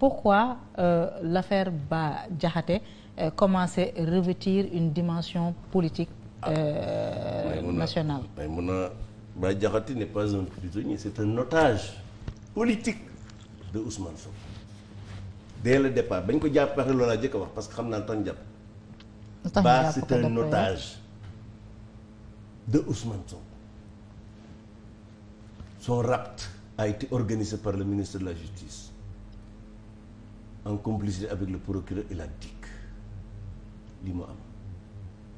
pourquoi euh, l'affaire Bah Diakhaté euh, commençait à revêtir une dimension politique euh, ah, nationale Maïmouna, Bah Diakhaté n'est pas un prisonnier, c'est un otage politique de Ousmane Sonko. Dès le départ, bañ ko jàppee loolu laa jëkk a wax parce que xam naa tan jàpp. Bah c'est un otage de Ousmane Sonko. Son rapt a été organisé par le ministre de la Justice. en complicité avec le procureur et la DIC li mu am.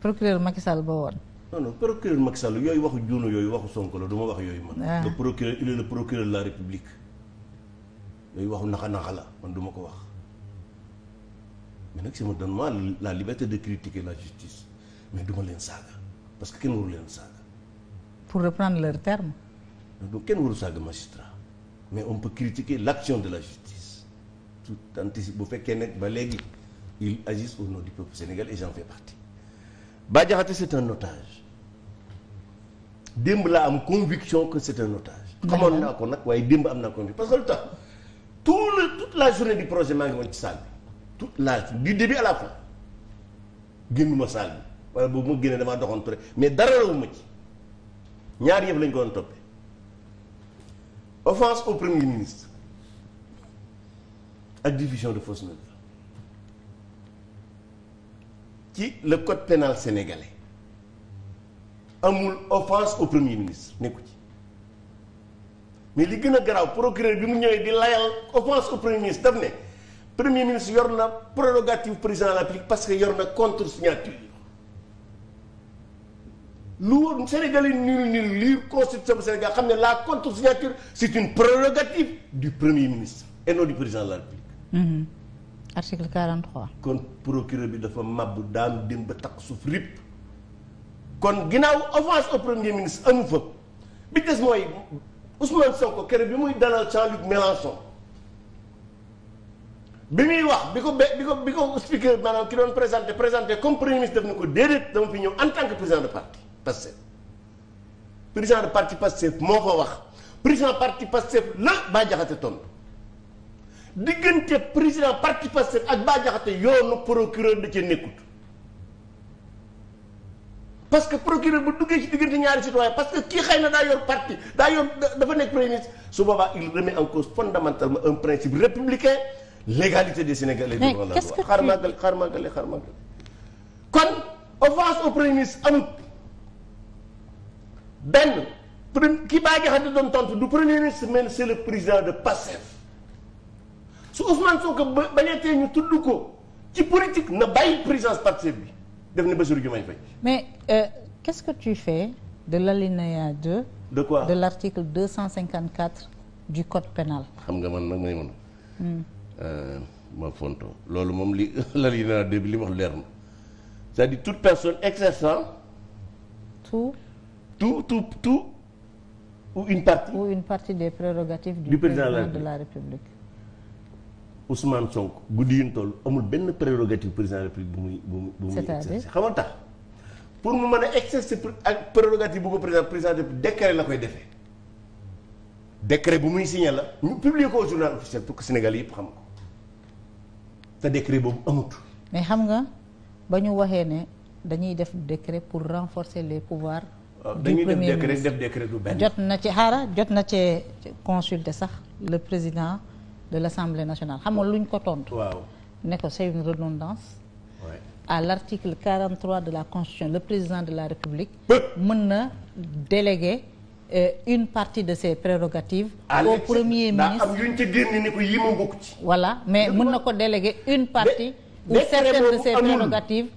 procureur Macky Sall ba woon. non non procureur Macky yooyu waxu juunu yooyu waxu Sonko la du wax yooyu man. Ah. le procureur il est la République yooyu waxu naxa-naxa la man du ko wax mais nag si ma donne moi la liberté de critiquer la justice mais du leen saaga parce que kenn waru leen saaga. pour reprendre leur terme. donc kenn waru saaga magistrat mais on peut critiquer l'action de la justice. tout anticipe bu fekkee nag ba léegi ils agissent au nom du peuple sénégalais et j'en fais partie Bah Diakhaté c'est un démb laa am conviction que c'est un otage xamoon naa ko nag waaye démb am naa conviction parce que lu tax tout la journée du projet maa ngi woon ci salle bi toute la du début à la fin génnuma salle bi wala boobu ma génnee damaa doxantu rek mais dara rawuma ci ñaar yëpp lañ ko doon toppee offense au premier ministre ak diffusion de fausses nouvelles ci le code pénal sénégalais amul offense au premier ministre nekku ci mais li gën a garaaw procureur bi mu ñëwee di layal offense au premier ministre daf ne premier ministre yor na prérogative président de la République parce que yor na contre signature lu Sénégal yi nul nul lire constitution bu Sénégal xam ne la contre signature c'est une prérogative du premier ministre et non du président de la République Mm-hmm. article 43. kon procureur bi dafa mabbu daanu dem ba takk suuf rip. kon ginnaaw offense au premier ministre amu fa bi des mooy Ousmane Sonko kër bi muy dalal Jean-Luc Mélenchon bi muy wax bi ko be bi ko bi ko speaker maanaam ki doon présenté présenté comme premier ministre def na ko déedéet dama fi ñëw en tant que président de parti Pastef président de parti Pastef moo ko wax président parti Pastef la Bah Diakhaté tontu. diggante président parti Pastef ak Bah Diakhaté yoonu procureur da ci nekkut parce que procureur ba duggee ci diggante ñaari citoyen parce que kii xëy na daa yor parti daa yor dafa nekk premier ministre su boobaa il remet en cause fondamentalement un principe républicain l'égalité de Sénégalais devant la loi xaar màggale xaar màggale xaar màggale kon offense au premier ministre amut benn ki Bah Diakhaté doon tontu du premier ministre mais c'est le président de Pastef su Ousmane Sonko ba bañatee ñu tudd ko ci politique na bàyyi présidence Pastef bi def na Bassirou Diomaye Faye. mais euh, qu'est-ce que tu fais de l'alinéa 2 de quoi de l'article 254 du code pénal. xam nga man nag may mën hmm. euh, ma fonto loolu moom li l'alinéa 2 bi li mu wax leer na c'est-à-dire toute personne exerçant. tout tout tout tout ou une partie. ou une partie des prérogatives. du, du président de la République. Ousmane Sonko guddi yu ñu toll amul benn prérogative président de la République bu muy bu muy bu muy exercer xamal tax pour mu mën a exercer ak prérogative bu ko président président de la koy defee décret bu muy signé la ñu ko au journal officiel yëpp xam ko te décret boobu amut. mais xam nga ba ñu waxee ne dañuy def décret pour renforcer les pouvoirs. Ah, dañuy def décret def décret du benn. jot na ci xaara jot na ci consulter sax le président. de l'Assemblée nationale xam nga luñ ko tontu. waaw ko c'est une redondance. Ouais. à l'article de la Constitution le président de la République. mën na déléguer euh, une partie de ses prérogatives. au premier ministre wala mais mën na ko déléguer une partie. de ses prérogatives.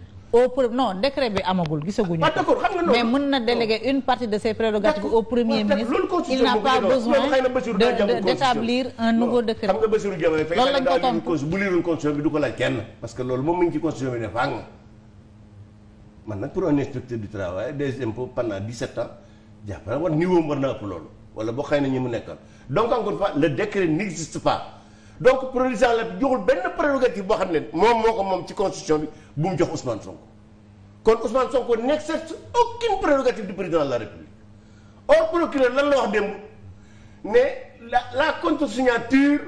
au premier non décret bi amagul gisaguñu ah, ko mais mën na déléguer une partie de ses prérogatives au premier ministre il n'a pas de d'établir un nouveau décret xam nga Bassirou Diomaye Faye loolu lañ ko tontu bu liirul man nag pour un inspecteur du travail des impôts pendant 17 ans jàppale war niveau war na ëpp loolu wala boo xëy na ñi mu nekk donc encore une fois le décret pas donc président la joxul benn prérogative boo xam ne moom moo ko moom ci constitution bi bu mu jox Ousmane Sonko kon Ousmane Sonko n'exerce aucune prérogative du président de la République or procureur lan la wax démb ne la la contre-signature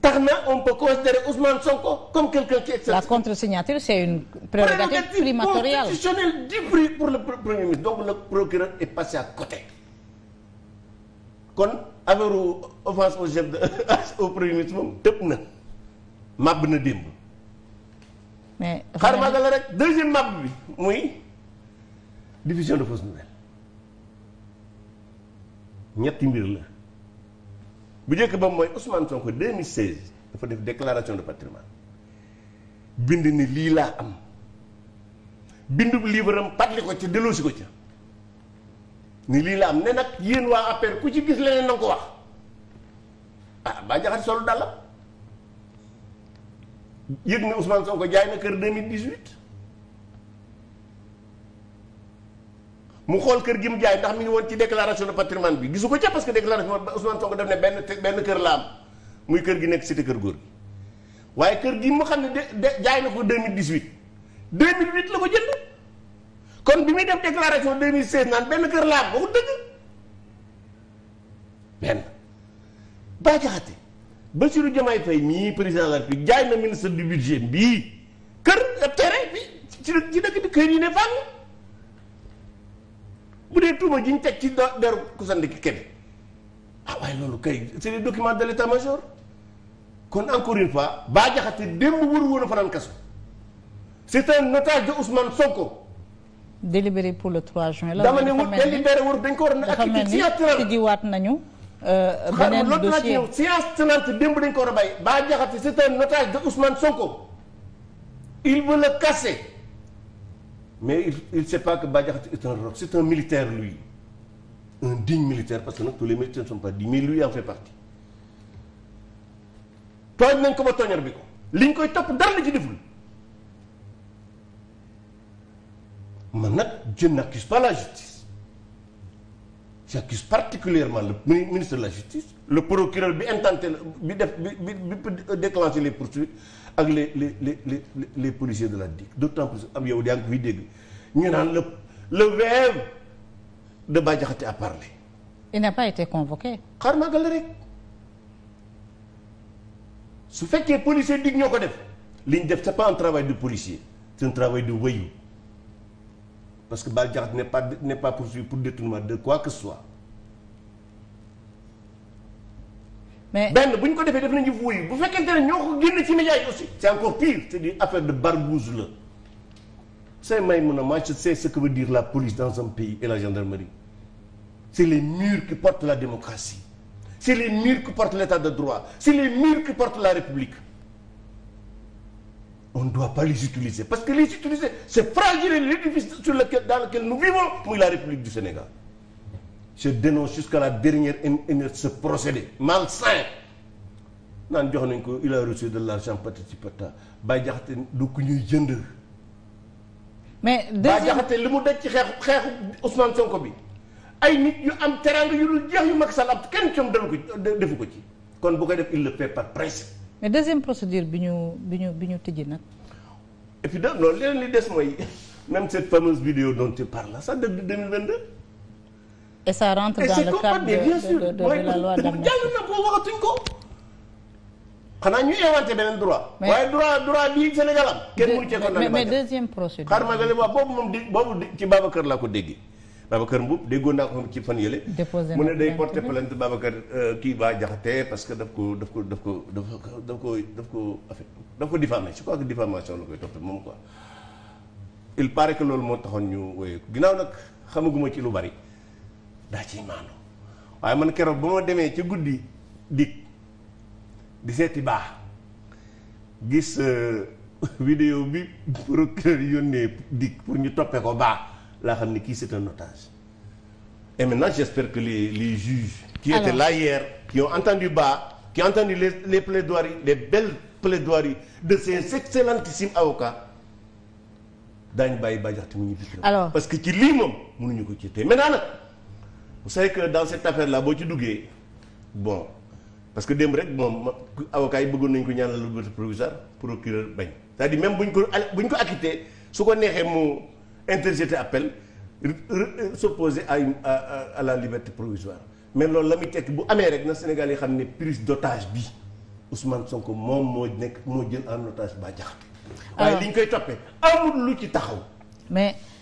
tax na on peut considérer Ousmane Sonko comme quelqu'un qui exerce. la contre-signature c'est une prérogative primatoriale pour le premier ministre donc le procureur est passé à côté. kon affaire offense au chef de au premier ministre moom tëb na màbb na démb. mais xaar màggal rek deuxième màbb bi muy diffusion de fausses nouvelles ñetti mbir la bu njëkk ba mooy Ousmane Sonko 2016 dafa def déclaration de patrimoine bind ni lii laa am bindu livre am patli ko ca delloosi ko ca. ni lii la am ne nag yéen waa APR ku ci gis leneen na ko wax ah Bah Diakhaté solu dàllam yëg ne Ousmane Sonko jaay na kër 2018 mu xool kër gi mu jaay ndax mi ngi woon ci déclaration de patrimoine bi gisu ko ca parce que déclaration Ousmane Sonko def ne benn benn kër la am muy kër gi nekk cité kër góor gi waaye kër gi mu xam ne de jaay na ko 2018 2008 la ko jënd. kon bi muy def mil 2016 naan benn kër laa am waxul dëgg benn Bah Diakhaté Bassirou Diomaye Faye mii président de la République jaay na ministre du budget bii kër ab terrain bi ci ci dëkk bi kër yi ne fànn bu dee tuuma ji ñu teg ci deru Kousandik Kébé ah waaye loolu kay c'est des documents de l'état-major kon encore une fois Bah Diakhaté démb wër woon a fanaan kaso c'est un otage de Ousmane Sonko délibéré pour le 3 juin la. dama ne wut délibéré wut dañ ko war a. activité signature tijjiwaat nañu. Euh, beneen dossier xaral science démb dañ ko war a bàyyi Bah Diakhaté c'est un otage de Ousmane Sonko il veut le casser mais il il pas que Bah Diakhaté est un roc c'est un militaire lui un digne militaire parce que nag tous les militaires ne sont mais lui en fait partie tooñ nañ ko ba tooñar bi ko liñ koy topp dara la ci deful. man nag je n'accuse pas la justice j'accuse particulièrement le ministre de la justice le procureur bi intenté bi def bi bi déclenché les poursuites ak les les les les les policiers de la DIC d'autant plus am yow yaa ngi koy dégg ñu naan le le VF de Bah Diakhaté a parlé. il n'a pas été convoqué. xaar maa gën la rek su fekkee policier DIC ñoo ko def liñ def c'est pas un travail de policier c'est un travail de parce que Bah Diakhaté n'est pas n'est pas poursuivi pour détournement de quoi que ce soit. mais benn bu ñu ko defee def nañu wuyu bu fekkente ne ñoo ko génne ci média yi aussi. c'est encore pire c'est une affaire de barbouze la. say may mun a man je sais ce que dire la police dans un pays et la gendarmerie c'est les murs qui portent la démocratie c'est les murs qui portent l'état de droit c'est les murs qui portent la république. on ne doit pas les utiliser parce que les utiliser c'est fragiliser l'édifice sur lequel dans lequel nous vivons muy la République du Sénégal je dénonce jusqu'à la dernière énergie ce procédé malsain naan jox nañ ko il a reçu de l'argent patati patata Bah Diakhaté du ku ñuy jënd mais Bah Diakhaté li mu daj ci xeexu xeexu Ousmane Sonko bi ay nit yu am teraanga yu dul jeex yu Macky Sall am kenn coom dalu ko defu ko ci kon bu koy def il le fait par principe mais deuxième procédure bi ñu bi ñu bi ñu tëjji nag. et puis daal loolu leneen li des mooy même cette fameuse vidéo dont tu parles ça date de 2022. et ça rentre dans le cadre de waxatuñ ko. xanaa ñu inventé beneen droit. waaye droit droit bii Sénégal am. kenn mënu cee ko mais mais deuxième procédure. xaaral ma nga ne boobu moom di boobu ci Babacar laa ko dégge Babacar Mboup déggoon naa ko ci fan yële. mu ne day porter plainte Babacar euh, kii Bah Diakhaté parce que daf ko daf ko daf ko daf ko daf ko daf ko diffamé je crois que diffamation la koy topp moom quoi. il paraît que loolu moo taxoon ñu wooyee ginnaaw nag xamaguma ci lu bari daa ciy maandu waaye man keroog ba ma demee ci guddi dig di seeti baax gis euh, vidéo bi procureur yónnee dig pour ñu toppee ko baax. laa xam ni kii c'est un otage et maintenant j'espère que les les juges qui Alors. étaient là hier qui ont entendu Ba qui ont entendu les les plaidoiries les belles plaidoiries de ces excellentissimes avocats daañu bàyyi Bah Diakhaté mu ñibbi Alors parce que ci lii moom mënuñu ko ci tey maintenant nag vous savez que dans cette affaire là boo ci duggee bon parce que démb rek moom avocat yi bëggoon nañu ko ñaanal liberté provisoire procureur bañ c'est-à-dire même bu ko bu ñu ko acquitté interjeter appel s'opposer ay une à, la liberté provisoire mais loolu la muy tekk bu amee rek na Sénégal yi xam ne prise d'otage bi Ousmane Sonko moom moo nekk moo jël en otage Bah Diakhaté ah. waaye li ñu koy toppee amul lu ci taxaw mais